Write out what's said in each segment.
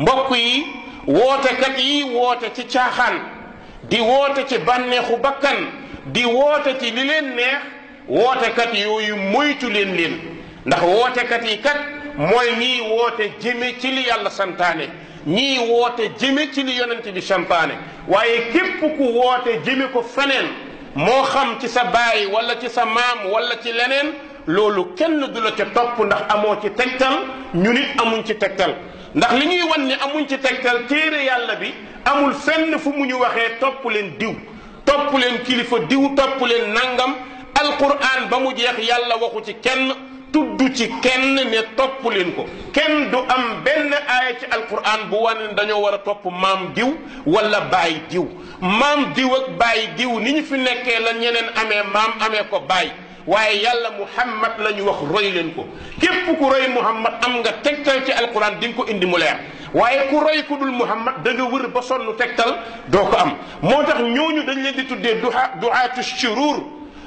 mbokk yi wootekat yi woote ci caaxaan di woote ci bànneexu bakkan di woote ci li leen neex wootekat yooyu moytu leen leen ndax wootekat yi kat mooy ñiy woote jëme ci li yàlla santaane ñiy woote jëme ci li yonent bi santaane waaye képp ku woote jëme ko feneen moo xam ci sa baay wala ci sa maam wala ci leneen loolu kenn du la ca topp ndax amoo ci tegtal ñu nit amuñ ci tegtal ndax li ñuy wan ni amuñ ci tegtal téere yàlla bi amul fenn fu mu ñu waxee topp leen diw topp leen kilifa diw topp leen nangam alquran ba mu jeex yàlla waxu ci kenn tudd ci kenn ne topp leen ko kenn du am benn aaya ci alquran bu wane dañoo war a topp maam diw walla baay diw maam diw ak bàyyi diw ni ñu fi nekkee la ñeneen amee maam amee ko baay waaye yàlla muhammad la ñu wax roy leen ko képp ku roy muhammad am nga tegtal ci alquran di nga ko indi mu leer waaye ku roy ku dul muhammad da nga wër ba sonn tegtal doo ko am moo tax ñooñu dañ leen di tuddee duha duaatu shuruur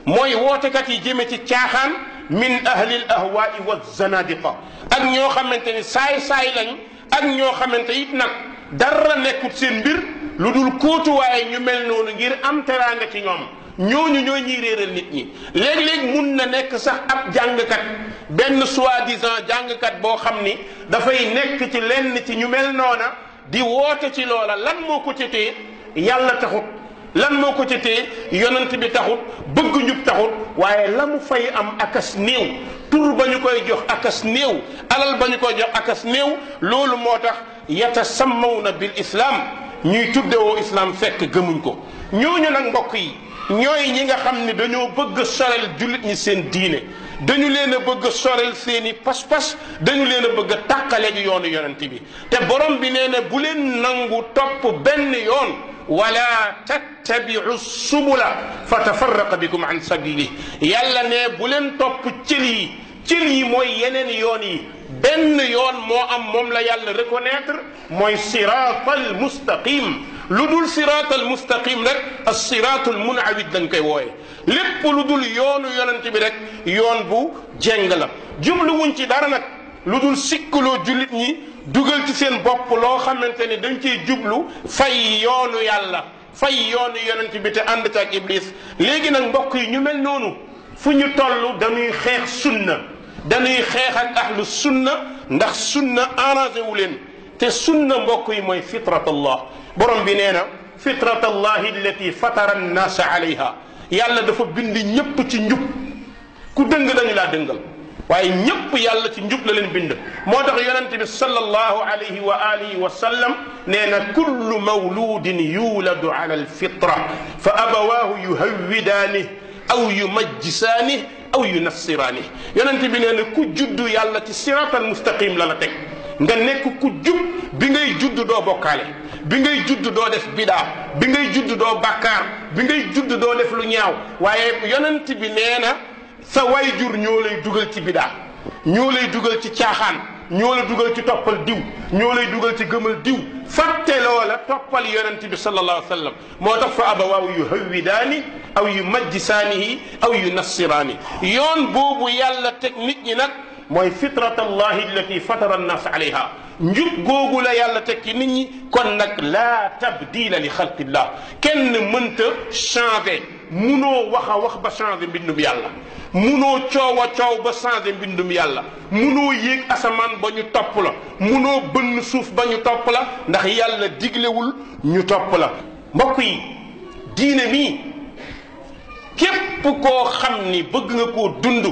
mooy wootekat yi jëme ci caaxaan min ahli al ahwaai wa zanadiqa ak ñoo xamante ni saay-saay lañ ak ñoo xamante it nag dara nekkut seen mbir lu dul kóotuwaaye ñu mel noonu ngir am teraanga ci ñoom ñooñu ñooy ñiy réeral nit ñi léeg-léeg mun na nekk sax ab jàngkat benn soit disant jàngkat boo xam ni dafay nekk ci lenn ci ñu mel noona di woote ci loola lan moo ko ci yàlla taxut lan moo ko ci téye bi taxut bëgg njub taxut waaye la mu fay am akas néew tur ba ñu koy jox akas néew alal ba ñu koy jox akas néew loolu moo tax yata na bil islaam ñuy tuddewoo islaam fekk gëmuñ ko ñooñu nag mbokk yi ñooy ñi nga xam ne dañoo bëgg sorel jullit ñi seen diine dañu leen a bëgg sorel seen i pas-pas dañu leen a bëgg a tàqale ñu yoonu yonent bi te borom bi nee na bu leen nangu topp benn yoon wala tattabiu subula fa tafarraqa bikum an sabili yàlla ne bu leen topp cël yi cël yi mooy yeneen yoon yi ben yon mo am moom la yàlla reconnaître mooy siraatal mustaqim lu dul siraatal mustaqim rek as siraatul munawid dañ koy wooye lépp lu dul yoonu yonent bi rek yoon bu jeng la jubluwuñ ci dara nag lu dul sikkaloo jullit ñi dugal ci seen bopp loo xamante dañ ciy jublu fay yoonu yàlla fay yoonu yonent bi te ànd ci ak iblis léegi nag mbokk yi ñu mel noonu fu ñu toll dañuy xeex sunna داني خيخ اك اهل السنه ناخ سنه ارازي ولين تي سنه مبوكي موي فطره الله بروم بي نينا فطره الله التي فطر الناس عليها يالا دا فا بيند نييب تي نيوب كو دنگ داني لا دنگال واي نييب يالا تي نيوب لا لين بيند موتاخ يونت بي صلى الله عليه واله وسلم نينا كل مولود يولد على الفطره فابواه يهودانه او يمجسانه aw yu nassiraani yonent bi nee na ku juddu yàlla ci siraatal mustaqim la la teg nga nekk ku jub bi ngay judd doo bokkaale bi ngay judd doo def bidaa bi ngay judd doo bàkkaar bi ngay judd doo def lu ñaaw waaye yonent bi nee na sa way jur ñoo lay dugal ci bidaa ñoo lay dugal ci caaxaan ñoo la dugal ci toppal diw ñoo lay dugal ci gëmal diw fàtte loola toppal yonent bi sallallahu alayhi wasallam sallam tax fa aba yu yuhawidani aw yumajjisanihi aw yunassirani nassiraani yoon boobu yàlla teg nit ñi nag mooy fitrat allahi allati fatara annas alayha njub googu la yàlla teg ci nit ñi kon nag la tabdila li xalqillah kenn mënta changer munoo wax wax ba changé mbindum yàlla munoo coow a coow ba changé mbindum yàlla munoo yéeg asamaan ba ñu topp la munoo bënn suuf ba ñu topp la ndax yàlla diglewul ñu topp la mbokk yi diine mii képp koo xam ni bëgg nga ko dund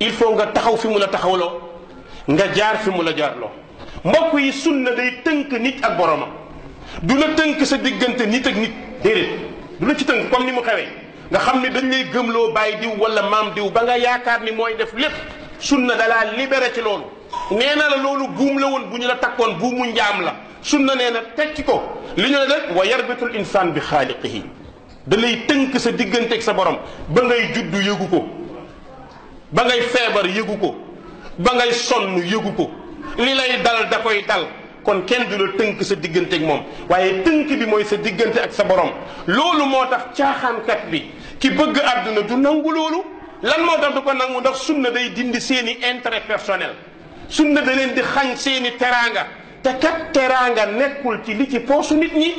il faut nga taxaw fi mu la taxawloo nga jaar fi mu la jaarloo mbokk yi na day tënk nit ak boromam du la tënk sa diggante nit ak nit déedéet du la ci tënk comme ni mu xewee nga xamni dañ lay gëmloo bay diw wala mam diw ba nga yaakar ni moy def lépp sunna da la libéré ci loolu nee la loolu gum la won buñu la takkon bu mu njaam la sunna nee na tekki ko li ñu ne wa yarbitul insan bi khaliqihi da lay teunk sa digënté ak sa borom ba ngay juddu yëgu ko ba ngay febar yëgu ko ba ngay sonn yëgu ko li lay dal da koy dal kon kenn du la teunk sa digënté ak mom waye teunk bi moy sa digënté ak sa borom loolu motax tax kat bi ki bëgg àdduna du nangu loolu lan moo tax du ko nangu ndax sunna day dindi seeni intérêt personnel sunna da leen di xañ seeni teraanga te kat teraanga nekkul ci li ci poosu nit ñi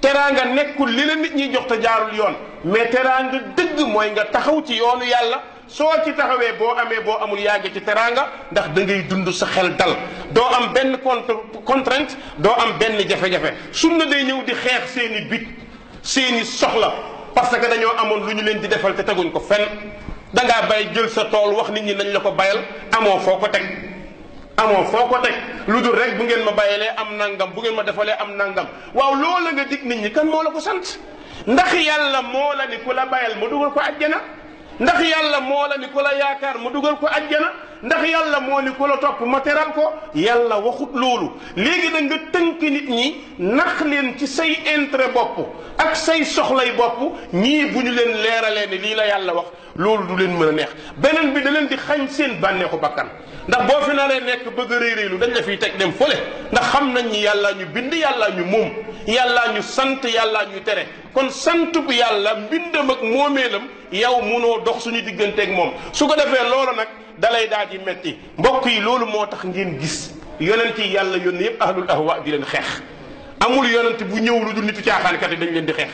teraanga nekkul li la nit ñi jox te jaarul yoon mais teraanga dëgg mooy nga taxaw ci yoonu yàlla soo ci taxawee boo amee boo amul yaa ngi ci teraanga ndax dangay dund sa xel dal doo am benn contre contrainte doo am benn jafe-jafe sunna day ñëw di xeex seeni bit seeni soxla parce que dañoo amoon lu ñu leen di defal te teguñ ko fen dangaa bay jël sa tool wax nit ñi nañ la ko bayal amoo foo ko teg amoo foo ko teg lu dul rek bu ngeen ma bayalee am nangam bu ngeen ma defalee am nangam waaw loola nga dig nit ñi kan moo la ko sant ndax yàlla moo la ni ku la bayal mu dugal ko ajjana ndax yàlla moo la ne ku la yaakaar mu dugal ko ajjana ndax yàlla moo ni ku la topp ma teral ko yàlla waxut loolu léegi da nga tënk nit ñi nax leen ci say intérêt bopp ak say soxlay bopp ñii bu ñu leen leeralee ne lii la yàlla wax loolu du leen mën a neex beneen bi da leen di xañ seen bànneexu bakkan ndax boo fi naree nekk bëgg a réeréelu dañ la fiy teg dem fële ndax xam nañ ni yàllaa ñu bind yàllaa ñu moom yàllaa ñu sant yàlla ñuy tere kon sant bu yàlla mbindam ak moomeelam yow mënoo dox suñu digganteeg moom su dalay daal di metti mbokk yi loolu moo tax ngeen gis yonent yi yàlla yónni yëpp ahlul ahwa di leen xeex amul yonent bu ñëw lu dul nitu caaxaankat yi dañu leen di xeex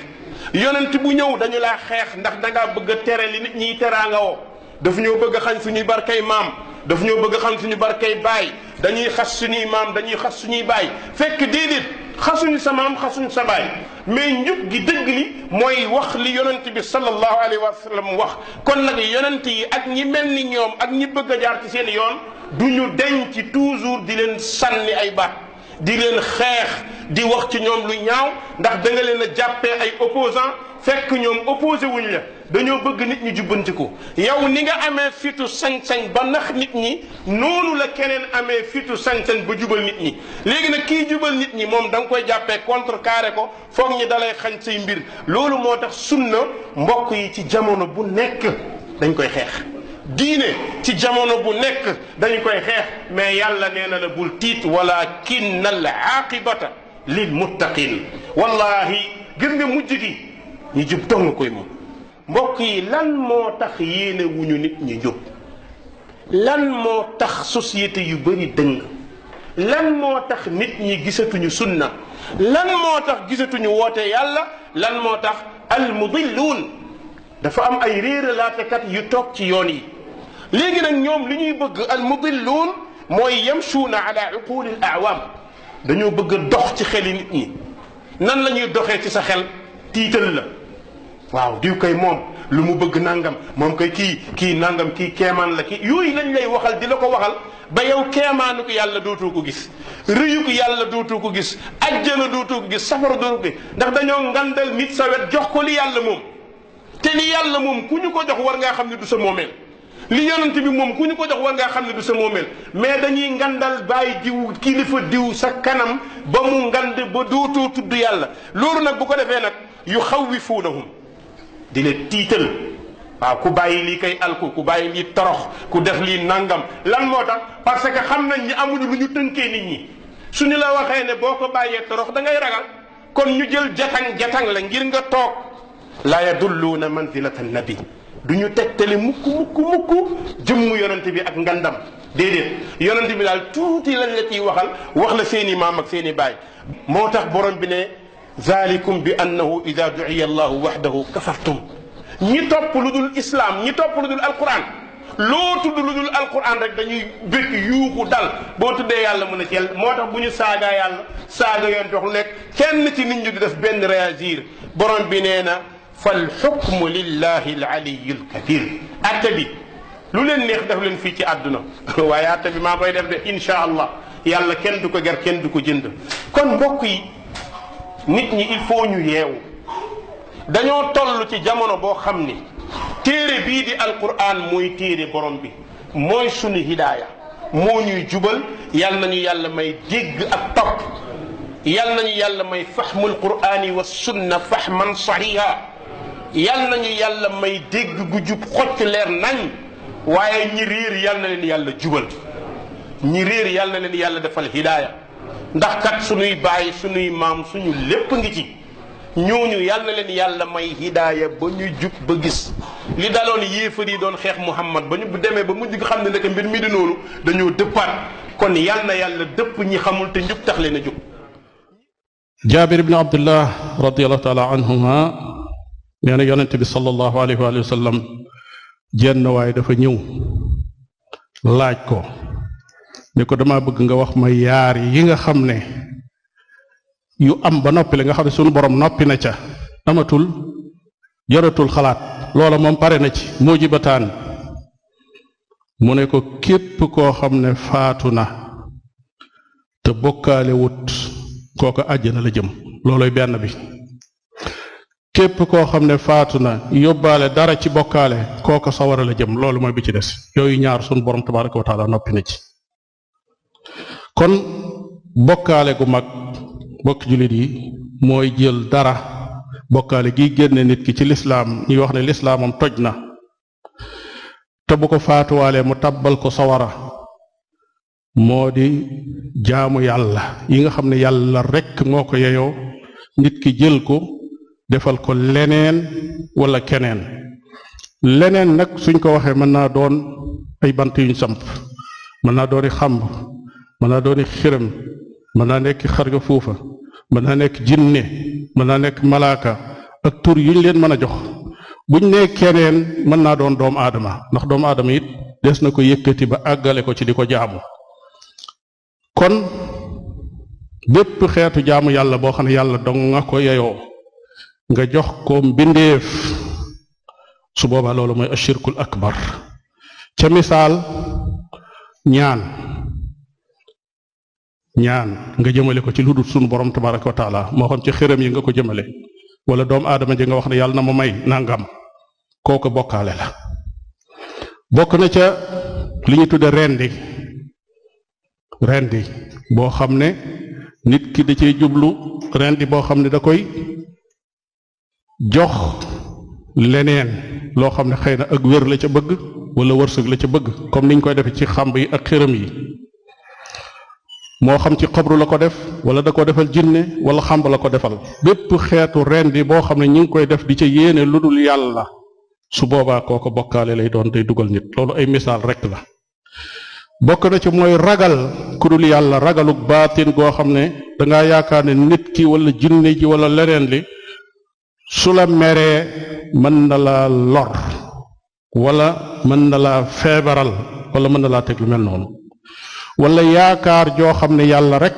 yonent bu ñëw dañu laa xeex ndax dangaa bëgg a tere li nit ñiy teraanga woo daf ñoo bëgg a xañ suñuy barkay maam daf ñoo bëgg a xam suñu barkay baay dañuy xas suñuy maam dañuy xas suñuy baay fekk déedéet xasuñu sa maam xasuñu sa baay mais njub gi dëgg li mooy wax li yonent bi sallallahu alayhi wa sallam wax kon nag yonent yi ak ñi mel ni ñoom ak ñi bëgg a jaar ci seen yoon du ñu deñ ci toujours di leen sànni ay baat di leen xeex di wax ci ñoom lu ñaaw ndax da nga leen a jàppee ay opposant fekk ñoom opposé wuñ la dañoo bëgg nit ñi jubbantiku yow ni nga amee fitu sañ-sañ ba nax nit ñi noonu la keneen amee fitu sañ-sañ ba jubal nit ñi léegi nag kii jubal nit ñi moom danga koy jàppee contre contrecarré ko foog ñi dalay xañ say mbir loolu moo tax sunna mbokk yi ci jamono bu nekk dañ koy xeex diine ci jamono bu nekk dañ koy xeex mais yàlla nee na la bul tiit walakin al aqibata lil muttaqin wallahi gis nga mujj gi ñu jub dong koy moom mbokk yi lan moo tax yéene wuñu nit ñi njub lan moo tax société yu bëri dëng lan moo tax nit ñi gisatuñu sunna lan moo tax gisatuñu woote yàlla lan moo tax almudilluun dafa am ay réeralaatekat yu toog ci yoon yi léegi nag ñoom li ñuy bëgg almudilluun mooy yamshuuna ala uquli al awaam dañoo bëgg dox ci xeli nit ñi nan la ñuy doxee ci sa xel tiital la waaw diw kay moom lu mu bëgg nangam moom kay kii kii nangam kii kemaan la kii yooyu lañ lay waxal di la ko waxal ba yow keemaanu ko yàlla dootoo ko gis rëyu ko yàlla dootoo ko gis ajjana dootoo ko gis safara dootoo ko gis ndax dañoo ngandal nit sa wet jox ko li yàlla moom te li yàlla moom ku ñu ko jox war ngaa xam ne du sa moomeel li yonent bi moom ku ñu ko jox war ngaa xam ne du sa moomeel mais dañuy ngandal bàyyi diw kilifa diw sa kanam ba mu ngande ba dootoo tudd yàlla loolu nag bu ko defee nag yu xawwifuunahum di tiital waaw ku bàyyi lii kay alku ku bàyyi lii torox ku def lii nangam lan moo tax parce que xam nañ ni amuñu bu ñu tënkee nit ñi su ñu la waxee ne boo ko bàyyee torox da ngay ragal kon ñu jël jatang jatang la ngir nga toog lu la yadulluuna manzilata nabi du ñu teg tegtali mukk mukk mukk jëmmu yonente bi ak ngandam déedéet yonente bi daal tuuti lañ la ciy waxal wax la seen i maam ak seeni i baay moo tax borom bi ne ذلكم بانه اذا دعي الله وحده كفرتم ني توب لودو الاسلام ني توب لودو القران لو تود لودو القران رك داني بك يوخو دال بو تود يالا مون سيل موتاخ بو ني ساغا يالا ساغا يون جوخ ليك كين تي نين ني داف بن رياجير بروم بي نينا فالحكم لله العلي الكبير اتبي لو لين نيه داف لين في تي ادنا وياتبي ما باي داف ان شاء الله يالا كين دوكو غير كين دوكو جند كون بوكي nit ñi il faut ñu yeewu dañoo toll ci jamono boo xam ni téere bii di alquran mooy téere borom bi mooy sunu hidaaya moo ñuy jubal yal nañu yàlla may dégg ak topp yal nañu yàlla may fahmul qur'ani wa sunna fahman sahiha yal nañu yàlla may dégg gu jub xocc leer nañ waaye ñi réer yal na leen yàlla jubal ñi réer yal na leen yàlla defal hidaaya ndax kat suñuy bàyyi suñuy maam suñu lépp ngi ci ñooñu yàlla leen yàlla may hidaaya ba ñu jub ba gis li daloon yéefar yi doon xeex muhammad ba ñu bu demee ba mujj xam ne ndeke mbir mi di noonu dañoo dëppaat kon yàlla na yàlla dëpp ñi xamul te njub tax leen a jub jaabir ibn abdullah radiallahu taala anhuma nee na yonent bi salallahu alayhi wa sallam jenn waay dafa ñëw laaj ko ne ko dama bëgg nga wax ma yaar yi nga xam ne yu am ba noppi la nga xam ne sunu borom noppi na ca amatul jaratul xalaat loola moom pare na ci moo jibataan mu ne ko képp koo xam ne faatu na te bokkaale wut kooko àjjana la jëm looloy benn bi képp koo xam ne faatu na yóbbaale dara ci bokkaale kooko sawara la jëm loolu mooy bi ci des yooyu ñaar sunu borom tabaraka wa taala noppi na ci kon bokkaale gu mag bokki jullit yi mooy jël dara bokkaale gi génne nit ki ci lislaam ñuy wax ne lislaamam toj na te bu ko faatuwaalee mu tabbal ko sawara moo di jaamu yàlla yi nga xam ne yàlla rekk moo ko yeyoo nit ki jël ko defal ko leneen wala keneen leneen nag suñ ko waxee mën naa doon ay bant yuñ samp mën naa doon i xamb mën naa dooni xiram mën naa nekk xarga fuufa mën naa nekk jinne mën naa nekk malaaka ak tur yuñ leen mën a jox buñ nee keneen mën naa doon doomu aadama ndax doomu aadama it des na ko yëkkati ba àggale ko ci di ko jaamu kon bépp xeetu jaamu yàlla boo xam ne yàlla dong nga ko yeyoo nga jox ko mbindeef su boobaa loolu mooy ashirkul akbar ca misaal ñaan ñaan nga jëmale ko ci lu dul sunu borom tabaraka wa taala moo xam ci xërëm yi nga ko jëmale wala doomu aadama ji nga wax ne yàlla na ma may nangam kooku bokkaale la bokk na ca li ñu tudde rendi rendi boo xam ne nit ki da cee jublu rendi boo xam ne da koy jox leneen loo xam ne xëy na ak wér la ca bëgg wala wërsëg la ca bëgg comme niñ koy defee ci xàmb yi ak xërëm yi moo xam ci xabru la ko def wala da koo defal jinne wala xamb la ko defal bépp xeetu reen rendi boo xam ne ñi ngi koy def di ca yéene lu dul yàlla su boobaa koo ko bokkaale lay doon day dugal nit loolu ay misaal rek la bokk na ci mooy ragal ku dul yàlla ragaluk baatin goo xam ne dangaa yaakaar ne nit ki wala jinne ji wala leneen li su la meree mën na laa lor wala mën na laa feebaral wala mën na laa teg lu mel noonu wala yaakaar joo xam ne yàlla rek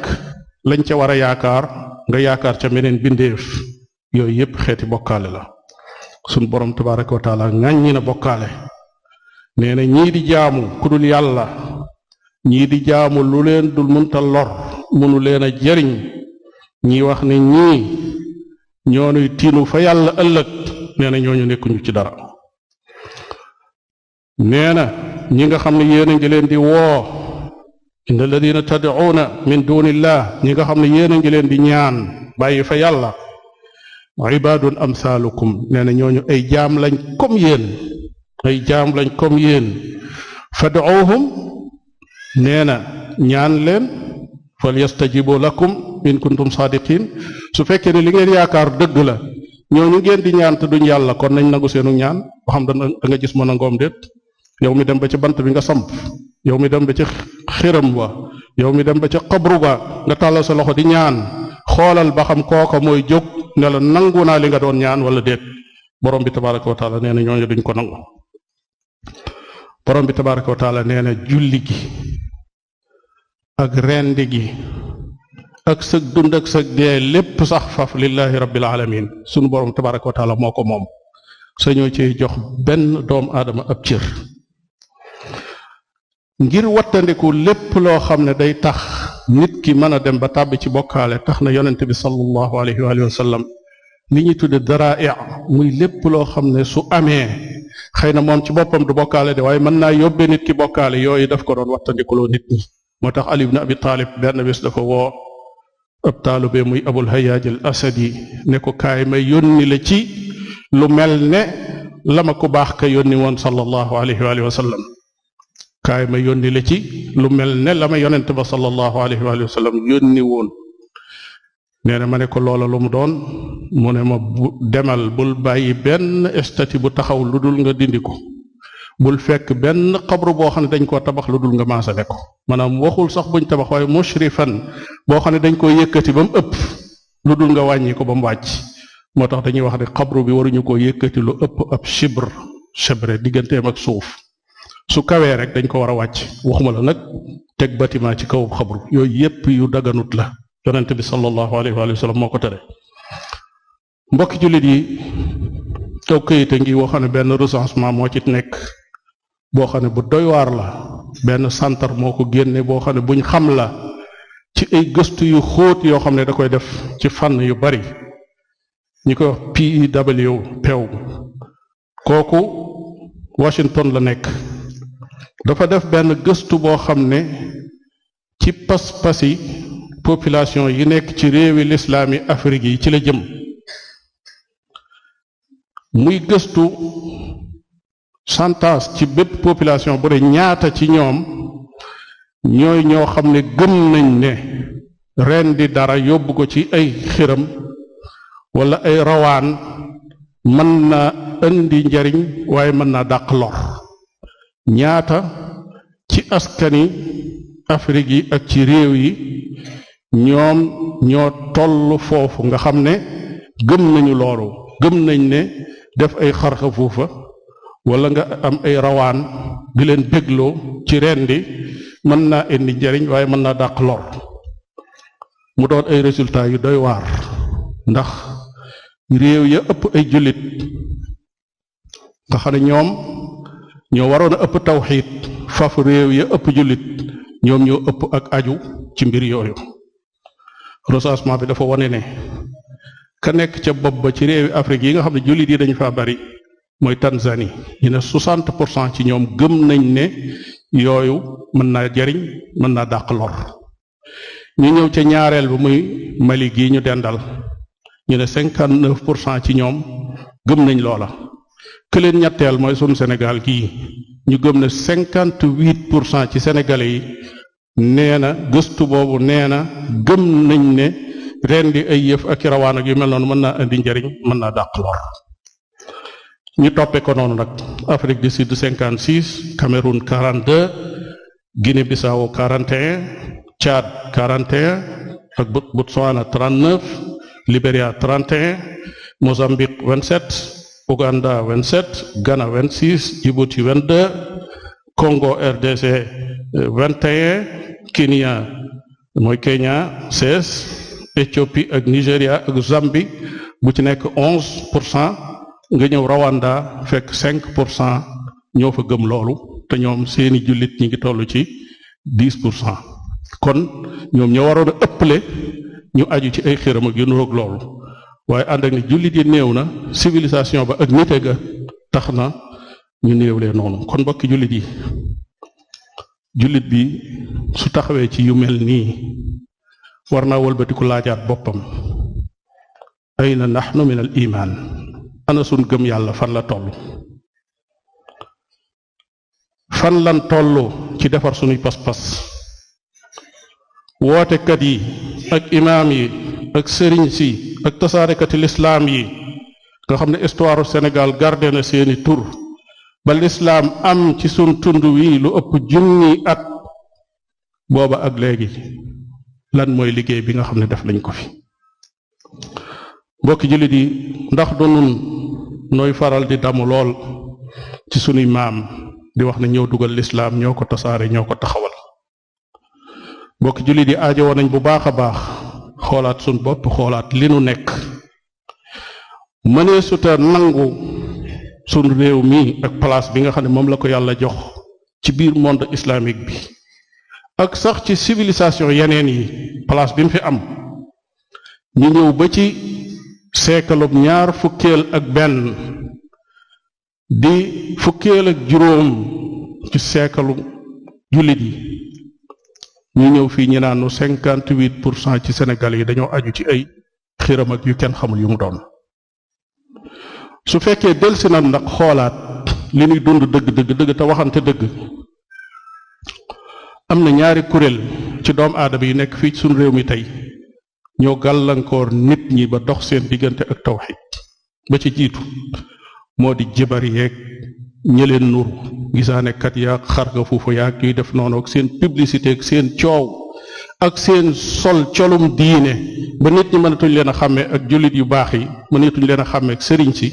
lañ ca war a yaakaar nga yaakaar ca meneen bindeef yooyu yépp xeeti bokkaale la sun borom tabaraka wa taala ŋàññi na bokkaale nee na ñii di jaamu ku yàlla ñii di jaamu lu leen du mënta lor mënu leen a jariñ ñii wax ne ñii ñoonuy tiinu fa yàlla ëllëg nee na ñooñu nekkuñu ci dara nee na ñi nga xam ne yéen a ngi leen di woo inna alladina tad'una min dunillah ñi nga xam ne yéen a ngi leen di ñaan bàyyi fa yàlla ibadun amsalukum nee na ñooñu ay jaam lañ kom yéen ay jaam lañ comme yéen fad'uuhum nee na ñaan leen falyastajibu lakum in kuntum saadiqin su fekkee ne li ngeen yaakaar dëgg la ñooñu ngeen di ñaan te duñ yàlla kon nañ nangu seenu ñaan boo xam da nga jis mën a ngoom déet yow mi dem ba ci bant bi nga samp yow mi dem ba ci xiram wa yow mi dem ba ci qabru ba nga tàllal sa loxo di ñaan xoolal ba xam kooka mooy jóg ne la nangu naa li nga doon ñaan wala déet borom bi tabaraka wa taala nee na ñooñu duñ ko nangu borom bi tabaraka wa taala nee na julli gi ak rendi gi ak sëg dund ak sëg dee lépp sax faf lillahi rabbil alamin sunu borom tabaraka wa taala moo ko moom sañoo ci jox benn doom aadama ab cër ngir wattandiku lépp loo xam ne day tax nit ki mën a dem ba tàbbi ci bokkaale tax na yonent bi sallallahu alayhi wa sallam li ñuy dara darai muy lépp loo xam ne su amee xëy na moom ci boppam du bokkaale de waaye mën naa yóbbee nit ki bokkaale yooyu daf ko doon wattandikuloo nit ñi moo tax Ali ibn Abi Taalib benn bés dafa woo ab taalube muy Abul Hayyaaj al Asadi ne ko kaay may yónni la ci lu mel ne la ma ko baax ka yónni woon sallallahu alayhi wa sallam kaay ma yónni la ci lu mel ne la ma yonent ba sallallahu alayhi wa sallam yónni woon nee na ma ne ko loola lu mu doon mu ne ma demal bul bàyyi benn estati bu taxaw lu dul nga dindi ko bul fekk benn xabru boo xam ne dañ koo tabax lu dul nga maasale ko maanaam waxul sax buñ tabax waaye fan boo xam ne dañ koo yëkkati ba mu ëpp lu dul nga wàññi ko ba mu wàcc moo tax dañuy wax ne xabru bi waruñu koo yëkkati lu ëpp ab chibre chibre digganteem ak suuf su kawee rek dañ ko war a wàcc waxuma la nag teg bâtiment ci kaw xabru yooyu yépp yu daganut la yonent bi sallallahu alayhi wa sallam moo ko tere mbokki jullit yi taw këyit a ngi woo ne benn recensement moo ci nekk boo xam ne bu doy la benn santar moo ko génne boo xam ne buñ xam la ci ay gëstu yu xóot yoo xam ne da koy def ci fànn yu bari ñi koy wax PEW pew kooku Washington la nekk dafa def benn gëstu boo xam ne ci pas-pasi population yi nekk ci réewi lislaam yi Afrique yi ci la jëm muy gëstu santas ci bépp population bu dee ñaata ci ñoom ñooy ñoo xam ne gëm nañ ne ren di dara yóbbu ko ci ay xiram wala ay rawaan mën naa indi njariñ waaye mën naa dàq lor ñaata ci askani Afrique yi ak ci réew yi ñoom ñoo toll foofu nga xam ne gëm nañu loolu gëm nañ ne def ay xarxa fuufa wala nga am ay rawaan di leen bégloo ci reen di mën naa indi njariñ waaye mën naa dàq lor mu doon ay résultats yu doy waar ndax réew ya ëpp ay jullit nga xam ne ñoom ñoo waroon a ëpp tawxiit faf réew yi ëpp jullit ñoom ñoo ëpp ak aju ci mbir yooyu recensement bi dafa wane ne ka nekk ca bopp ba ci réewi Afrique yi nga xam ne jullit yi dañu faa bari mooy Tanzanie yi ne 60 pour cent ci ñoom gëm nañ ne yooyu mën naa jariñ mën naa dàq lor ñu ñëw ca ñaareel bi muy Mali gii ñu dendal ñu ne 59 pour cent ci ñoom gëm nañ loola que len ñettal moy sunu senegal ki ñu gëm ne 58% ci sénégalais yi nee gëstu bobu nee gëm nañ ne rendi ay yef ak rawaan ak yu mel non mën naa indi njariñ mën lor ñu topé ko non nak afrique du sud 56 cameroun 42 guinée bissau 41 tchad 41 ak botswana 39 Liberia 31 mozambique 27 Ouganda 27 Ghana 26 Djibouti 22 Congo RDC 21 euh, Kenya mooy Kenya 16 Éthiopie ak Nigéria ak Zambie bu ci nekk 11 pour cent nga ñëw rawanda fekk 5 pour cent ñoo fa gëm loolu te ñoom seeni jullit ñi ngi toll ci 10 pour cent kon ñoom ñoo waroon a ñu aju ci ay xiram ak yu nuroog loolu waaye ànd ak ni jullit yi néew na civilisation ba ak nite ga tax na ñu néewlee noonu kon mbokki jullit yi jullit bi su taxawee ci yu mel nii war naa walbatiku laajaat boppam ayna na ndax al iman ana sun gëm yàlla fan la toll fan lan toll ci defar sunuy pas-pas wootekat yi ak imaam yi ak sëriñ si ak tasaarekati lislaam yi nga xam ne histoire Sénégal gardé na seeni tur ba lislaam am ci sun tund wi lu ëpp junni at booba ak léegi lan mooy liggéey bi nga xam ne def lañ ko fi mbokki jullit yi ndax du nun nooy faral di damu lool ci sunuy maam di wax na ñëw dugal lislaam ñoo ko tasaare ñoo ko taxawal mbokki jullit yi aajowoo nañ bu baax a baax xoolaat suñ bopp xoolaat li nu nekk mënee suta nangu suñ réew mi ak place bi nga xam ne moom la ko yàlla jox ci biir monde islamique bi ak sax ci civilisation yeneen yi place bi mu fi am ñu ñëw ba ci seekalub ñaar fukkeel ak benn di fukkeel ak juróom ci seekalu jullit yi ñu ñëw fii ñu naanu cinquante huit pour cent ci Sénégal yi dañoo aju ci ay xiram yu kenn xamul yu mu doon su fekkee delsi na nag xoolaat li nuy dund dëgg dëgg dëgg te waxante dëgg am na ñaari kuréel ci doomu aadama yi nekk fii suñu réew mi tey ñoo gàllankoor nit ñi ba dox seen diggante ak tawxid ba ci jiitu moo di jibar yeeg ñi leen nuru gisaa kat ya xar nga fuufu yaag ñuy def noonu ak seen publicité ak seen coow ak seen sol colum diine ba nit ñi mënatuñ leen a xàmmee ak jullit yu baax yi mënatuñ leen a xàmmee ak sëriñ si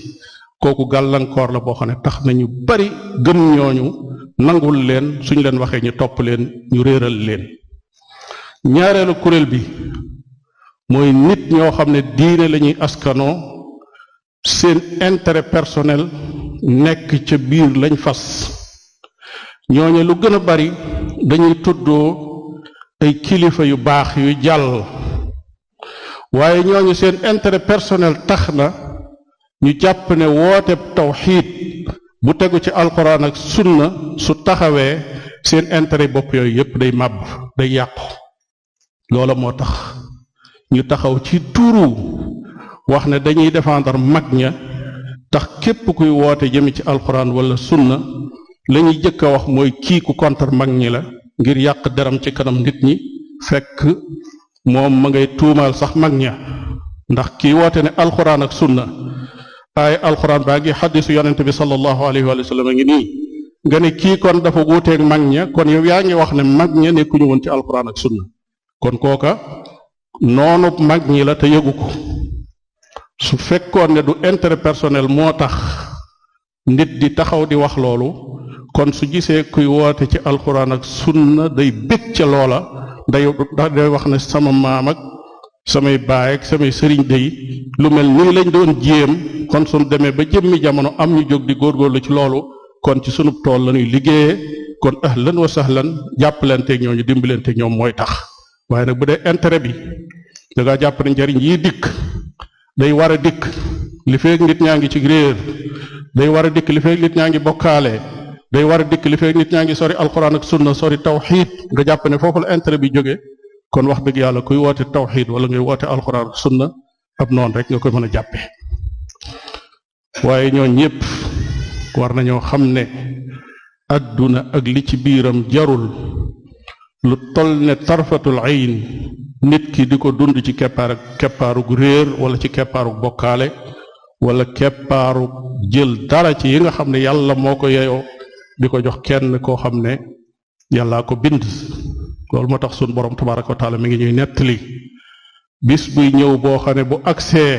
kooku gàllankoor la boo xam ne tax nañu bari gëm ñooñu nangul leen suñ leen waxee ñu topp leen ñu réeral leen ñaareelu kuréel bi mooy nit ñoo xam ne diine lañuy askanoo seen intérêt personnel nekk ca biir lañ fas ñooñe lu gën a bari dañuy tuddoo ay kilifa yu baax yuy jàll waaye ñooñu seen intérêt personnel tax na ñu jàpp ne woote tawxiid bu tegu ci alquran ak sunna su taxawee seen intérêt bopp yooyu yépp day màbb day yàqu loola moo tax ñu taxaw ci tuuru wax ne dañuy défendre mag ña tax képp kuy woote jëme ci alxuraan wala sunna la ñuy jëkk a wax mooy kii ku contre mag ñi la ngir yàq deram ci kanam nit ñi fekk moom ma ngay tuumaal sax mag ña ndax kii woote ne alxuraan ak sunna ay alxuraan baa ngi xaddisu yonente bi sallallahu alayhi wa sallam a ngi nii nga ne kii kon dafa wuuteeg mag ña kon yow yaa ngi wax ne mag ña nekkuñu woon ci alxuraan ak sunna kon kooka noonu mag ñi la te yëgu ko su fekkoon ne du intérêt personnel moo tax nit di taxaw di wax loolu kon su gisee kuy woote ci alxuraan ak sunna day bég ca loola day day wax ne sama maam ak samay baay ak samay sëriñ day lu mel nii lañ doon jéem kon suñ demee ba jëmmi jamono am ñu jóg di góorgóorlu ci loolu kon ci sunub tool la ñuy liggéeyee kon ahlan wa sahlan jàppalanteeg ñooñu dimbalanteeg ñoom mooy tax waaye nag bu dee intérêt bi da ngaa jàpp ne njariñ yi dikk day war a dikk li feeg nit ñaa ngi ci réer day war a dikk li feeg nit ñaa ngi bokkaale day war a dikk li feeg nit ñaa ngi sori alquran ak sunna sori tawxiid nga jàpp ne foofu la intérêt bi jóge kon wax dëgg yàlla kuy woote tawxiid wala ngay woote alquran ak sunna ab noonu rek nga koy mën a jàppe waaye ñoo ñëpp war nañoo xam ne adduna ak li ci biiram jarul lu toll ne tarfatul ayn nit ki di ko dund ci keppaar keppaarug réer wala ci keppaarug bokkaale wala keppaarug jël dara ci yi nga xam ne yàlla moo ko yeyoo di ko jox kenn koo xam ne yàllaa ko bind loolu moo tax sun borom tabaraka wa taala mi ngi ñuy nettali bis buy ñëw boo xam ne bu agsee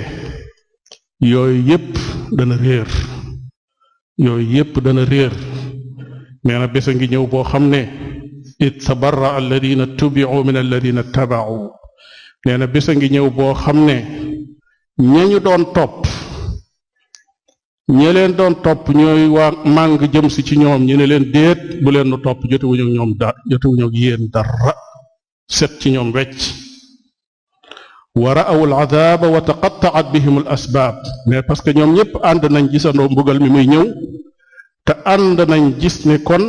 yooyu yépp dana réer yooyu yépp dana réer nee na bés a ngi ñëw boo xam ne it tabarra alladina tubiu min alladina tabaau nee na bés ngi ñëw boo xam ne ñañu doon topp ñe leen doon topp ñooy waa màng jëm si ci ñoom ñu ne leen déet bu leen nu topp jotewuñu ak ñoom da jotewuñu ak yéen dara set ci ñoom wecc wa raaw aladaaba wa taqattaat bihim al asbaab mais parce que ñoom ñëpp ànd nañ gisandoo mbugal mi muy ñëw te ànd nañ gis ne kon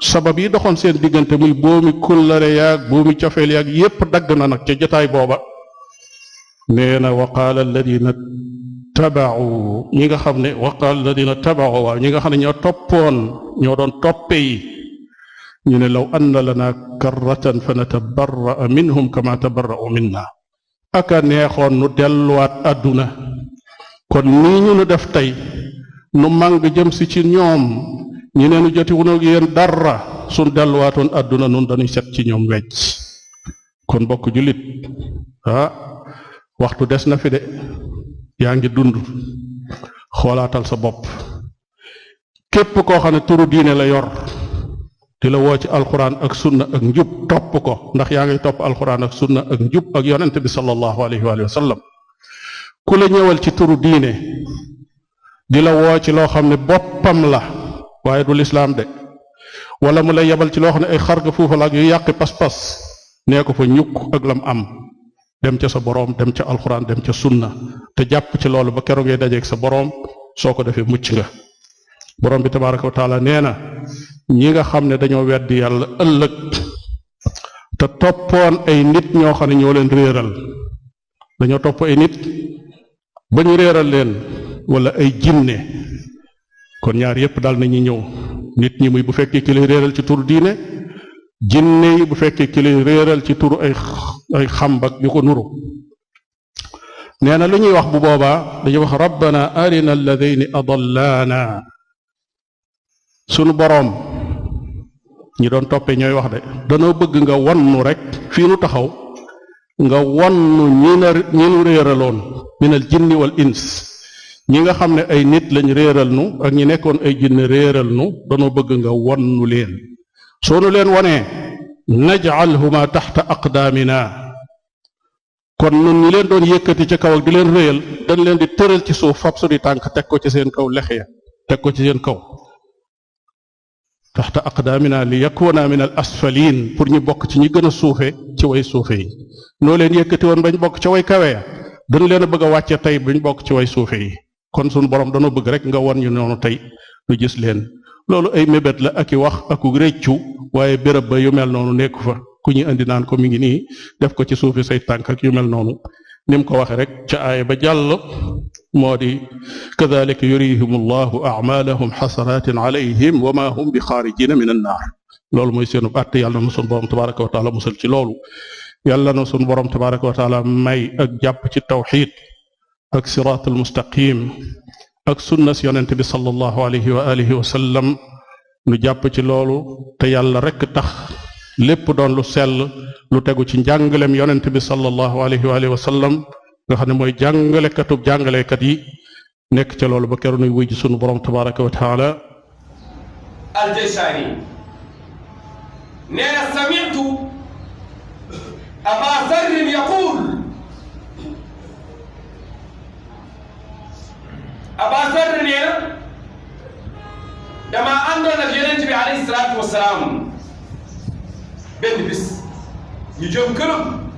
sabab yi doxoon seen diggante muy boomi kullare yaag boomi cofeel yaag yépp dagg na nag ca jotaay booba nee na waqaala alladina tabaxu ñi nga xam ne waqaala alladina tabaxu waaw ñi nga xam ne ñoo toppoon ñoo doon toppe yi ñu ne law anna lana karratan fa natabarraa minhum kama tabarra'u minna aka neexoon nu delluwaat àdduna kon nii ñu nu def tey nu màng jëm si ci ñoom ñi neenu jotiwuno ak yeen dara sun delluwaatoon àdduna nun dañu set ci ñoom wecc kon bokk julit ah waxtu des na fi de yaa ngi dund xoolaatal sa bopp képp koo xam ne turu diine la yor di la woo ci alquran ak sunna ak njub topp ko ndax yaa ngi alquran ak sunna ak njub ak yonent bi sallallahu alayhi wa sallam ku la ci turu diine di la ci loo xam ne la waaye du lislaam de wala mu lay yebal ci loo xam ne ay xar nga fuufa la ak yu yàqi pas-pas nee ko fa ñukk ak lam am dem ca sa boroom dem ca alxuraan dem ca sunna te jàpp ci loolu ba keroog ngay dajeeg sa boroom soo ko defee mucc nga boroom bi tabaraka wa taala nee na ñi nga xam ne dañoo weddi yàlla ëllëg te toppoon ay nit ñoo xam ne ñoo leen réeral dañoo topp ay nit ba ñu réeral leen walla ay jinne kon ñaar yépp dal nañu ñëw nit ñi muy bu fekkee ki lay réeral ci tur diine jinne yi bu fekkee ki lay réeral ci tur ay ay xambak yu ko nuru neena lu ñuy wax bu boobaa dañuy wax rabbana arina alladhayni adallana sunu borom ñi doon toppee ñooy wax de danoo bëgg nga wonnu rek fii nu taxaw nga wonnu ñi na ñi nu réeraloon min al jinni wal ins ñi nga xam ay nit lañ réeral nu ak ñi nekkoon ay jinn réeral nu dañu bëgg nga wonnu leen soo nu leen wone naj'alhuma tahta aqdamina kon nun ñi leen doon yëkkati ci kaw ak di leen réeyal dañ leen di tëral ci suuf fab suñu tànk teg ko ci seen kaw lex ya teg ko ci seen kaw tahta aqdamina li yakuna min al asfalin pour ñu bokk ci ñi gën a suufe ci way suufe yi noo leen yëkkati woon bañ bokk ci way kawe dañ leen a bëgg a wàcce tey buñ bokk ci way suufe yi kon sunu borom danoo bëgg rek nga won ñu noonu tey nu gis leen loolu ay mébét la ak i wax aku réccu waaye béréb ba yu mel noonu nekku fa ku ñu indi naan ko mi ngi nii def ko ci suufi say tànk ak yu mel noonu ni ko waxe rek ca aaya ba jàll moo di kadalika yurihim allahu amalahum xasaratin alayhim wa ma hum bi xaarijina min a naar loolu mooy seenu àtt yàlla na sunu borom tabaraka wa taala musal ci loolu yàlla na sunu borom tabaraka wa taala may jàpp ci tawxid ak siraatul mustaqim ak sunna si yonent bi sallallahu alayhi wa alihi wa sallam nu jàpp ci loolu te yàlla rekk tax lépp doon lu sell lu tegu ci njàngalem yonent bi sallallahu alayhi wa alihi wa sallam nga xam ne mooy jàngalekatub jàngalekat yi nekk ca loolu ba keru nuy wuy ji sunu borom tabaraka wa taala الجيشاني ناس سمعت أبا ذر يقول أباسر نيا دما أندو نبينا تبي عليه الصلاة والسلام بند بس يجوم كلهم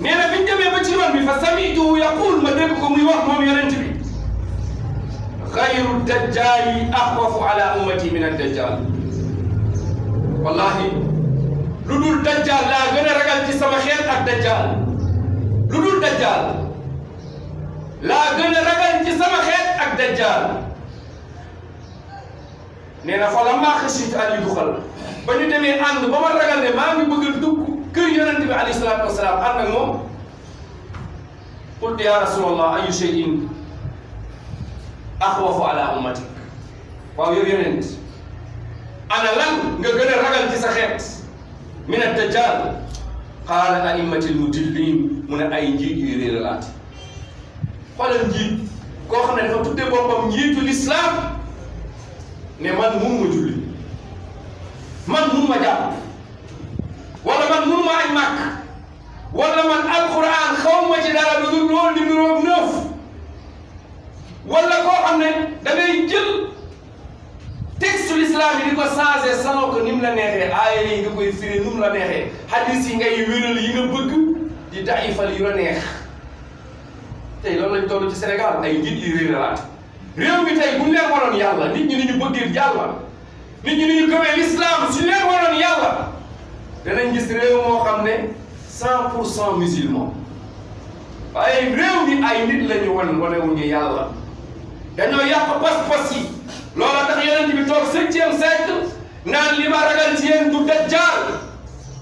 نينا بنت ما بتشرب فسمعته يقول مدركم يوهم يرنتبي خير الدجال أخوف على أمتي من الدجال والله لدول الدجال لا غير رجل جسم خير الدجال لدول الدجال laa gën a ragal ci sama xeet ak dajjaal nee na fa la maa xasiit an yuduxal ba ñu demee ànd ba ma ragal ne maa ngi bëgg a dugg kër yonente bi alayhi salaatu wasalaam ànd ak moom qultu ya rasulallah ayu shay'in axwafu ala ummatik waaw yow yonent ana lan nga gën a ragal ci sa xeet min ad dajjaal qaala aimmatil mudillin mu ne ay njiit yu réeralaate xoolal njiit koo xam ne dafa tudde boppam njiitu lislaam ne man mun ma julli man mun ma jàpp wala man mun ma aj màkk wala man alquran xaw ma ci dara lu dul loolu numéro neuf wala koo xam ne da ngay jël texte l'islam yi di ko changé sanoo ko ni mu la neexee aaya yi nga koy firi ni mu la neexee hadis yi ngay wéral yi nga bëgg di daifal yu la neex tey loolu lañ toll ci Sénégal ay njiit yu réer la réew mi tey bu ñu leen wanoon yàlla nit ñi ni ñu bëggee yàlla nit ñi ni ñu gëmee l'islam su ñu leen wanoon yàlla danañ gis réew moo xam ne cent pour cent musulman waaye réew mi ay nit lañu wan wanewuñu yàlla dañoo yàq pas-pas yi loola tax yonent bi toog septième siècle naan li ma ragal ci yéen du dajjaal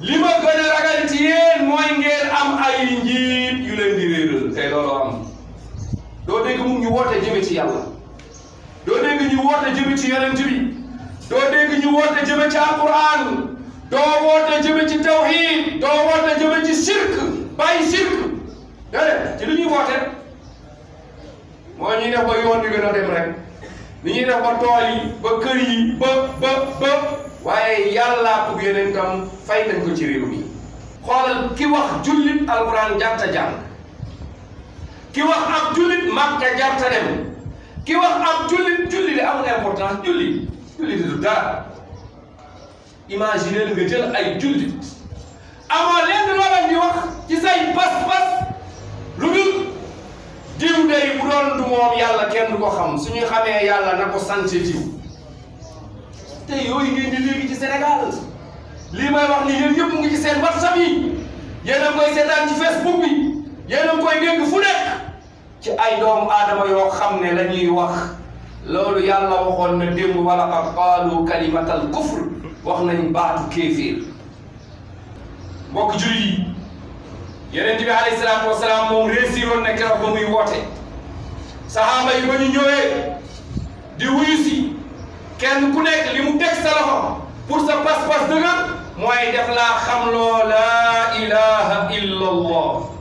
li ma gën a ragal ci yéen mooy ngeen am ay njiit yu leen di réeral tey loolu am dégg mu ñu woote jëme ci yàlla doo dégg ñu woote jëme ci yonent bi doo dégg ñu woote jëme ci alquran doo woote jëme ci tawhid doo woote jëme ci sirk bàyyi sirk déedéet ci lu ñuy woote moo ñuy gën a dem rek li ñuy def ba tool yi ba kër yi ba ba ba waaye yàllaa bugg yeneen tam fay nañ ko ci réew mi xoolal ki wax jullit ki wax ab jullit màkka jarta dem ki wax ab jullit julli li amul importance julli julli du dara imagineel nga jël ay jullit amoo lenn loo leen di wax ci say pas-pas lu dul diw day bu doon du moom yàlla kenn du ko xam suñuy xamee yàlla na ko sant diw te yooyu ngeen di léegi ci Sénégal lii may wax ni yéen yëpp mu ngi ci seen WhatsApp yi yéen a ngi koy seetaan ci Facebook bi yéen a ngi koy dégg fu nekk ci ay doomu aadama yoo xam ne la ñuy wax loolu yàlla waxoon na démb wala qad qaalu kalimatal kufr wax nañ baatu kéeféer mbokk jullit yi yonent bi alayhi salaatu wasalaam moom réussiroon na keroog ba muy woote sahaaba yi ba ñu ñëwee di wuyu si kenn ku nekk li mu teg sa loxo pour sa pas-pas dëgër mooy def laa xam loo laa ilaha illa allah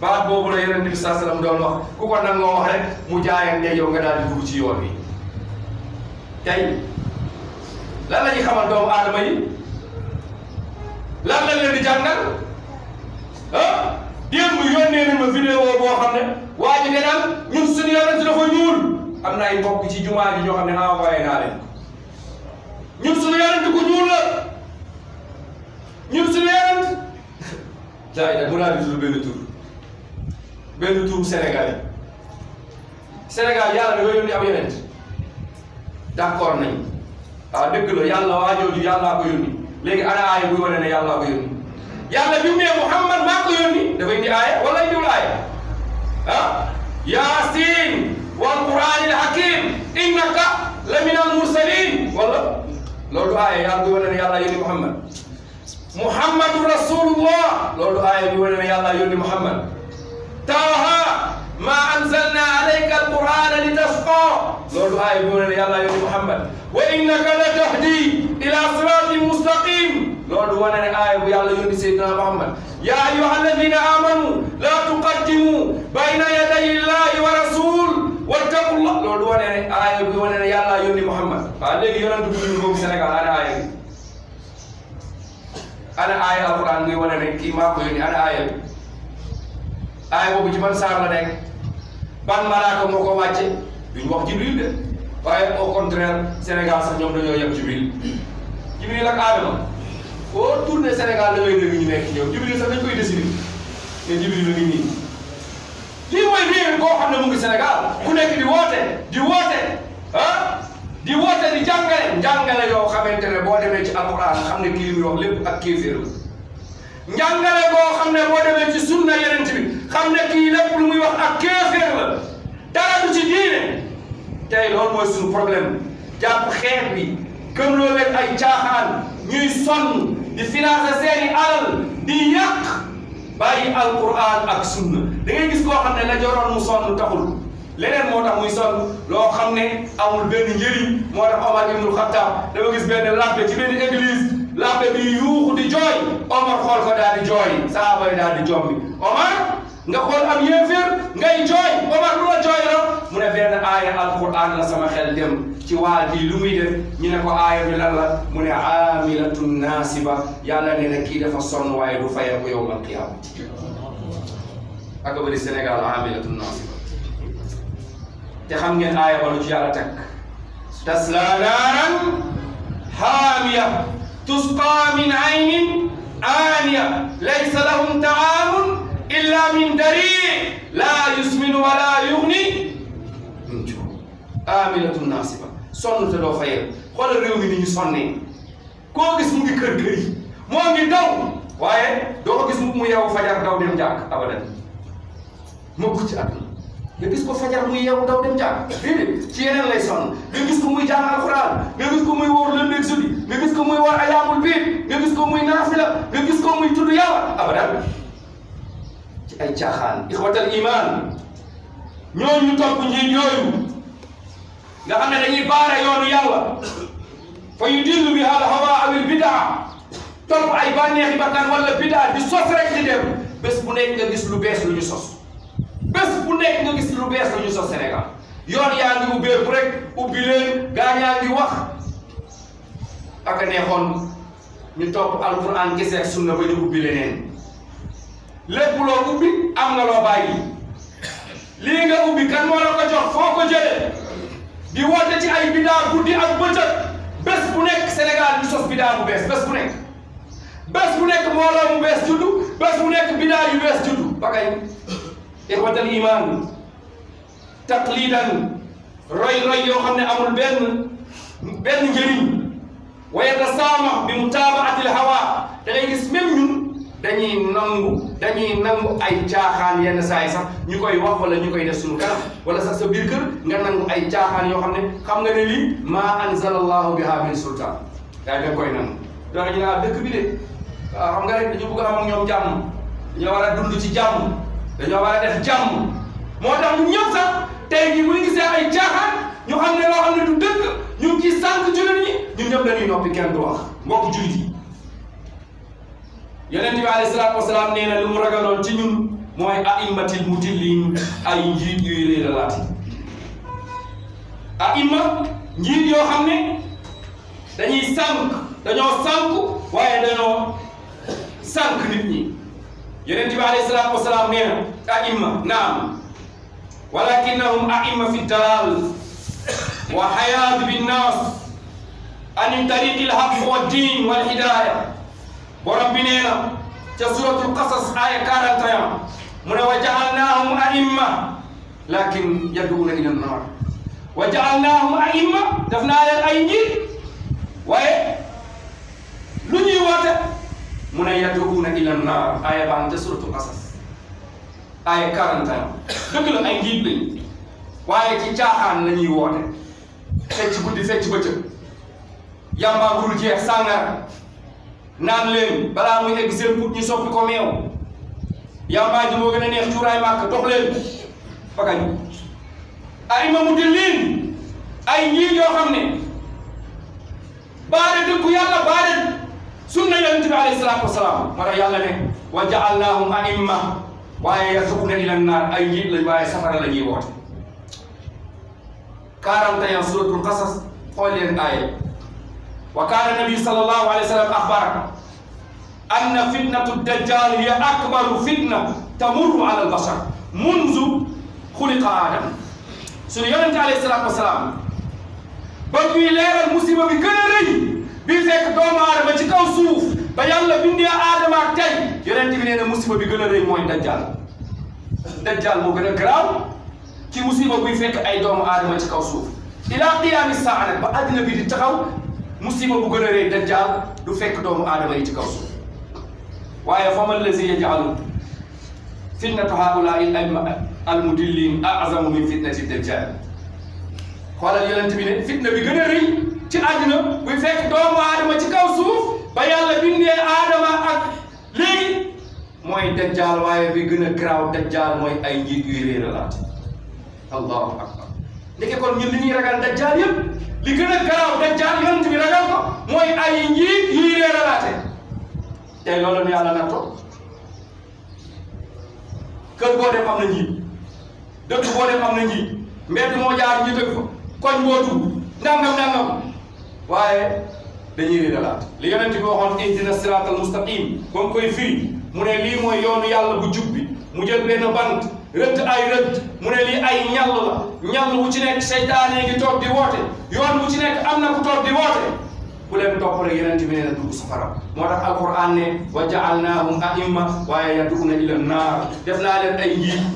baat boobu la yonent bi saa salaam doon wax ku ko nangoo wax mu jaayam ne yow nga daal di ci yoon wi tey lan la ñuy xamal doomu aadama yi lan la leen di jàngal ah démb yónnee nañ ma vidéo boo xam ne waa ji ne daal ñun suñu yonent dafa ñuul am na ay mbokk ci jumaa ji ñoo xam ne envoyé naa leen ñun suñu yonent ku ñuul la ñun suñu yonent jaay da mu naa di benn tur benn tuub Sénégal yi Sénégal yàlla dafa yónni ab yonent d'accord nañ waaw ah, dëgg la yàlla waa jooju Muhammad maa ko yónni dafay indi aaya wala indiwul aaya ah yaasiin wal quraanil hakiim la minal mursaliin Muhammad rasulullah loolu aaya buy wane Muhammad taaha maa anzalna alayka alqur'ana litasqa loolu aay boo ne yàlla yónni Muhammad wa innaka la tahdi ila siratin mustaqim loolu wane ne aay bu yàlla yónni Seydina Muhammad yaa ayyuha alladina amanu la tuqaddimu bayna yaday illahi wa rasul wattaqullah loolu wane ne aay bu wane ne yàlla yónni Muhammad waaw léegi yonent bu ñu boobu Sénégal ana aay bi ana aaya alquran ngay wane ne kii maa ko yónni ana aaya bi aay boobu ci ban saar la nekk ban malaaka moo ko wàcce duñ wax jibril de waaye au contraire Sénégal sax ñoom dañoo yem jibril jibril ak aadama foo tourné Sénégal da ngay dégg ñu nekk ñëw jibril sax dañ koy décidé te jibril la ngi nii lii mooy réew koo xam ne mu ngi Sénégal ku nekk di woote di woote ah di woote di jàngale njàngale yoo xamante ne boo demee ci alquran xam ne kii muy wax lépp ak kéeféer njàngale boo xam ne boo demee ci sunna xam ne kii lépp lu muy wax ak kéeféer la dara du ci diine tey loolu mooy suñu problème jàpp xeet bi gëmloo leen ay caaxaan ñuy sonn di financer seeni alal di yàq bàyyi alquran ak sunna da ngay gis koo xam ne la joroon mu sonn taxul leneen moo tax muy sonn loo xam ne amul benn njëriñ moo tax Omar ibnul Xattaab dafa gis benn labbe ci benn église labbe bi yuuxu di jooy Omar xool ko daal di jooy saaba yi daal di jombi Omar نقول أم يفر نجاي جاي وما نقول جاي لا من أبين آية القرآن لا سما خلدم توادي لويد نقول آية من الله من عاملة الناسبة يلا ننكيد فصرنا وايد فيهم يوم القيامة أكبر السنغال عاملة الناسبة تخمن آية ولجارتك تسلى نارا حامية تسقى من عين آنية ليس لهم طعام illa min dari la yusminu wala yugni min juu aminatun naasiba sonn te doo fayal xoolal réew mi ni ñu sonnee koo gis mu ngi kër kër yi moo ngi daw waaye doo ko gis mu yeewu fajar daw dem jàkk abadan mukk ci ko fajar muy yeewu daw dem jàkk ci yeneen lay sonn nga gis ko muy jàng alxuraan nga gis ko mu wóor lëndéeg sudi nga gis ko muy war ayaamul biir nga gis ko muy naafila nga gis ko muy tudd yàlla abadan ay caaxaan ikhwatal iman ñu topp ñi ñoyu nga xamne dañuy baara yoonu yalla fa yu dillu bi hal hawa al bid'a topp ay bànneexi bakkan wala bid'a di sos rek di dem bes bu nekk nga gis lu bes lu ñu sos bes bu nekk nga gis lu bes lu ñu sos senegal yoon ya ngi bu rek ubbi len gaña ngi wax ak neexon ya, ñu topp alquran gisee sunna ba ñu ubbi leneen lépp loo ubbi am nga loo bàyyi lii nga ubbi kan moo la ko jox foo ko jëlee di woote ci ay bidaa guddi ak bëccëg bés bu nekk Sénégal ñu sos bidaa bu bees bés bu nekk bés bu nekk mu nekk yu bees juddu ba kay ixwatal iman taqlidan roy roy amul benn benn njëriñ wa yatasaamax bi mutaabaati l hawa da ngay gis même dañuy nangu dañuy nangu ay caaxaan yenn saa yi sax ñu koy wax wala ñu koy def suñu kanam wala sax sa biir kër nga nangu ay caaxaan yoo xam ne xam nga ne lii maa anzalallahu biha min sultaan daay da koy nangu donc ñu nga rek a am ak ñoom jàmm dañoo war ci jàmm dañoo war a def jàmm moo tax ñun ñëpp sax tey jii bu ñu gisee ay ñu xam ne loo xam ne du dëkk ñu dañuy noppi kenn wax mbokk jullit yonent bi alayhi salaatu wasalaam nee na lu mu ragaloon ci ñun mooy aimmatil mudillin ay njiit yuy réeralaati aimma njiit yoo xam ne dañuy sànq dañoo sànq waaye dañoo sànq nit ñi yonent bi alayhi salaatu wasalaam nee na aimma naam walakinnahum aimma fi dalal wa xayaat binnaas an tariqi alhaq wa diin wal hidaaya borom bi nee na ca suratul qasas aya 41 mu ne wa jaalnaahum aimma lakin yadduuna ila naar wa jaalnaahum aimma def naa leen ay njiit waaye lu ñuy woote mu ne yadduuna ila naar aya baa ngi ca suratul qasas aya 41 dëgg la ay njiit lañu waaye ci caaxaan la ñuy woote fecc guddi fecc bëccëg yàmbaa gudul jeex sàngara naan leen balaa muy egg seen put ñu soppi ko meew yàmbaa ji moo gën a neex cuuraay màkk dox leen fakañ ay imamu di ay njiit yoo xam ne baare dëkku yàlla baare sunna yonent bi alayhi salaatu wasalaam moo tax yàlla ne wa jaalnaahum aimma waaye yasuquna ila naar ay njiit lañ waaye safara la ñuy woote quarante et un suratul qasas xool leen وكان النبي صلى الله عليه وسلم أخبرنا أن فتنة الدجال هي أكبر فتنة تمر على البشر منذ خلق آدم سليمان عليه الصلاة والسلام بقي لير المصيبة بكنري بيفك دوم آدم بجكو سوف بيان بندي آدم أكتاي يونت بنينا المصيبة بكنري موين دجال دجال مو gën كي مصيبة بيفك أي دوم fekk ay doomu aadama ci kaw suuf ila qiyaami saa musiba bu gën a rëy du fekk doom aadama yi ci kaw suuf waaye fa man lazi yaj'alu fitnatu haa'ulaa'i al-mudilliin a'zamu min fitnati dajjaal xoolal yonent bi ne fitna bi gën a rëy ci àddina buy fekk doomu aadama ci kaw ba yàlla bindee aadama ak léegi mooy dajjaal waaye bi gën a garaaw dajjaal mooy ay njiit yuy réeralaat allahu akbar ndeke kon ñun li ñuy ragal dajjaal li gën a garaaw dajjaal yonent bi ragal mooy ay njiit yi réeralaate tey loolu nu yàlla nattoo kër boo dem am na njiit dëkk boo dem am na njiit mbedd moo jaar ñu dëkk fa koñ boo dugg ndàngam ndàngam waaye dañuy réeralaate li yonent bi waxoon ihdina siraatal mustaqim ba mu koy firi mu ne lii mooy yoonu yàlla bu jub bi mu jël benn bant rëdd ay rëdd mu ne lii ay ñàll la ñàll wu ci nekk seytaane ngi toog di woote yoon wu ci nekk am na ku toog di woote ku leen topp rek yeneen bi nee na safara moo tax alquran ne wa jaalnaahum aimma waaye yaduuna ila naar def naa leen ay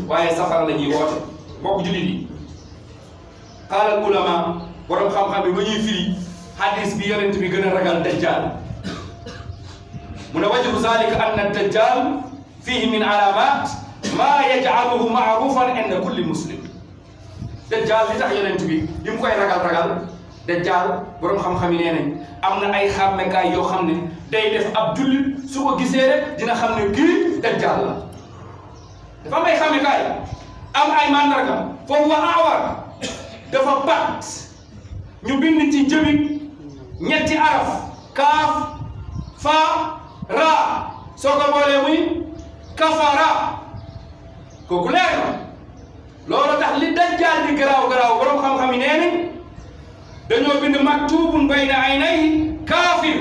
waaye safara la ñuy woote bokk jullit yi qaala al ulama xam-xam bi ba ñuy firi hadis bi yonent bi gën a ragal dajjal mu ne wajhu zalika anna dajjal fihi min alamat maa yaj'aluhu ma'rufan inda kulli muslim dajjaal li tax yonent bi li mu koy ragal ragal dajjaal boroom xam-xam am na ay xàmmekaay yoo xam ne day def ab jullit su ko gisee dina xam ne kii dajjaal la dafa am ay xàmmekaay am ay mandarga foofu wa aawar dafa pat ñu bind ci jëmi ñetti araf kaaf fa ra soo ko boolee muy kafara kooku leer na loolu tax li dajjaal di garaaw garaaw borom xam-xam yi nee bind maktuubun bayna aynay kafir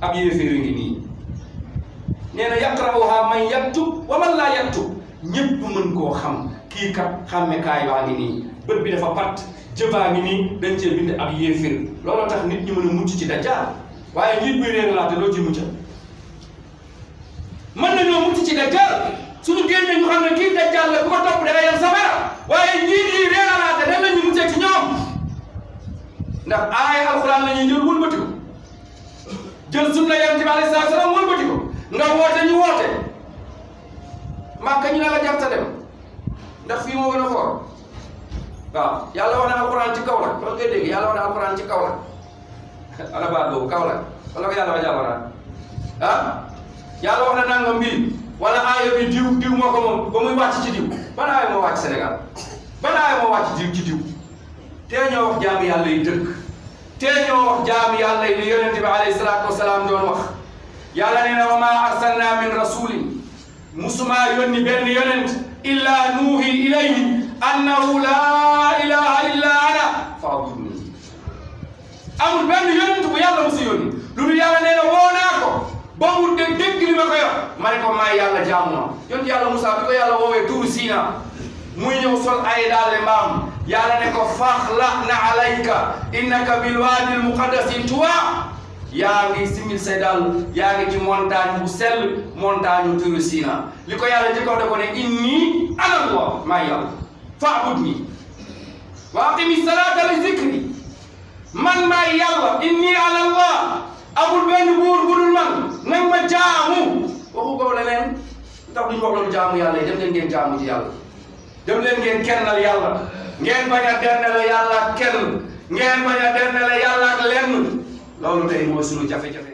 ab ini. ngi nii nee na yaqra'uha man yaktub wa man laa yaktub ñépp mën koo xam kii kat xàmmekaay baa ngi nii bët bi dafa pat jëbaa ngi nii dañ cee bind ab yéeféer loolu tax nit ñi mën mucc ci dajjaal waaye njiit buy réer laa te ci mucc mucc ci suñu génne ñu xam ne dajjal la ku ko topp da nga yem safara waaye ñii nii reeralaate nan la ñu muccee ci ñoom ndax aaya alquran la ñuy jël wëlbati ko jël sunna yonent bi alayhi salaatu salaam wëlbati ko nga woote ñu woote màkka ñu ne la jarta dem ndax fii moo gën a foor waaw yàlla alquran ci kaw la dégg alquran ci kaw la kaw la wala ko ah yàlla nangam wala aaya bi diw diw moo ko moom ba muy wàcc ci diw ban moo wàcc Sénégal ban moo wàcc diw ci diw tee ñoo wax jaamu yi dëkk tee ñoo wax jaamu yi li yonent bi alayhi salaatu wasalaam doon wax yàlla nee wa maa arsalna min rasulin musumaa yónni benn yonent illa nuuhi ilayhi annahu laa ilaha illa ana fa'buduni amul yonent bu yàlla musu yónni lu dul yàlla nee woo naa boobu de dégg li ma ko yor ma ne ko maay yàlla jaamu ma yonent yàlla Moussa bi ko yàlla woowee tuuru Siina muy ñëw sol ay daale mbaam yàlla ne ko faxla na alayka innaka bilwaadil muqaddasi tuwa yaa ngi simil say daal yaa ngi ci montagne bu sell montagne bu li ko yàlla jëkkoon da ko ne inni ana Allah maay yàlla faabudni wa aqimi salaata li zikri man maay yàlla inni ana Allah amul benn buur bu dul man nag ma jaamu waxu ko leneen ndax duñu wax loolu jaamu yàlla yi dem leen ngeen jaamu ci yàlla dem leen ngeen kennal yàlla ngeen bañ a dennale yàlla ak kenn ngeen bañ a dennale yàlla ak lenn loolu tey mooy suñu jafe-jafe